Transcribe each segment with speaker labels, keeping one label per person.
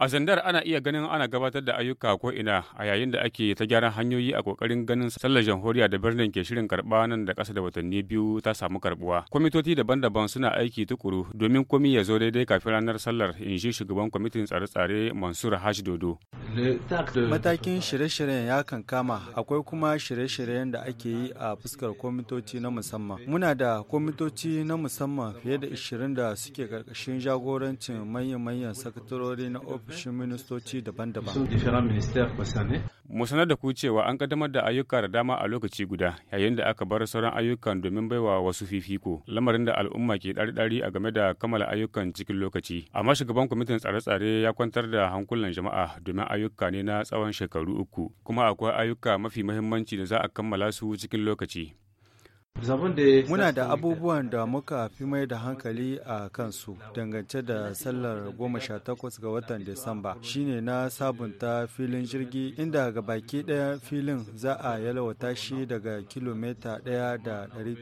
Speaker 1: A zandar ana iya ganin ana gabatar da ayyuka ko ina a yayin da ake ta gyaran hanyoyi a kokarin ganin sallar jamhuriya da birnin ke shirin karɓa nan da ƙasa da watanni biyu ta samu karɓuwa. Kwamitoci daban-daban suna aiki tukuru domin komi ya zo daidai kafin ranar sallar in ji shugaban kwamitin tsare-tsare Mansur Hajj Dodo. Matakin
Speaker 2: shirye-shiryen ya kankama akwai kuma shirye-shiryen da ake yi a fuskar kwamitoci na musamman. Muna da kwamitoci na musamman fiye da 20 da suke karkashin jagorancin manya-manyan sakatarori na ofis
Speaker 1: ofishin ministoci daban-daban. Mu sanar da ku cewa an kaddamar da ayyuka da dama a lokaci guda yayin da aka bar sauran ayyukan domin baiwa wasu fifiko lamarin da al'umma ke ɗari-ɗari a game da kammala ayyukan cikin lokaci. Amma shugaban kwamitin tsare-tsare ya kwantar da hankulan jama'a domin ayyuka ne na tsawon shekaru uku kuma akwai ayyuka mafi muhimmanci da za a kammala su cikin lokaci.
Speaker 2: Muna da abubuwan da muka fi mai da hankali a kansu dangance da sallar Goma sha 18 ga watan Disamba shine na sabunta filin jirgi inda ga baki ɗaya filin za a yalwata shi daga kilomita da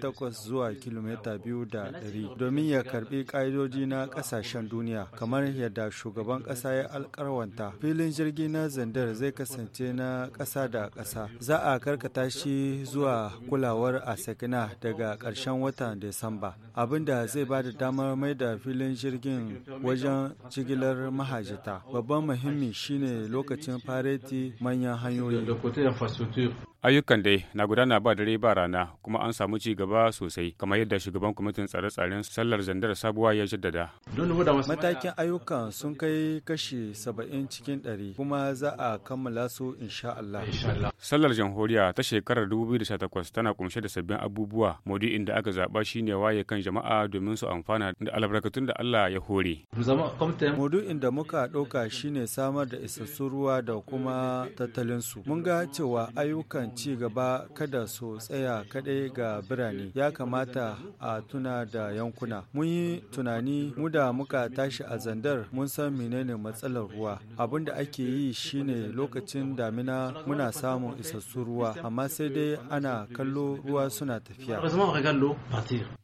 Speaker 2: takwas zuwa kilomita biyu da ɗari. domin ya karbi ƙa'idoji na ƙasashen duniya kamar yadda shugaban ƙasa ya alkarwanta. Filin jirgi na zandar zai kasance na ƙasa da ƙasa. Za a karkata shi zuwa kulawar a sakina daga ƙarshen watan Disamba, abinda zai ba da damar mai da filin jirgin wajen jigilar mahajita. Babban muhimmi shine lokacin fareti manyan hanyoyi.
Speaker 1: ayyukan dai na gudana ba dare ba rana kuma an samu ci gaba sosai kamar yadda shugaban kwamitin tsare-tsaren sallar zandar sabuwa ya jaddada
Speaker 2: matakin ayyukan sun kai kashi saba'in cikin ɗari kuma za a kammala su insha Allah
Speaker 1: sallar jamhuriya ta shekarar 2018 tana kunshe da sabbin abubuwa modi inda aka zaba shine waye kan jama'a domin su amfana da albarkatun da Allah ya hore
Speaker 2: maudu'in inda muka ɗauka shine samar da isassun ruwa da kuma tattalinsu mun ga cewa ayyukan ci gaba kada su tsaya kaɗai ga birane ya kamata a tuna da yankuna mun yi tunani mu da muka tashi a zandar mun san menene matsalar ruwa abin da ake yi shine lokacin damina muna samun isassun ruwa amma sai dai ana kallo ruwa suna tafiya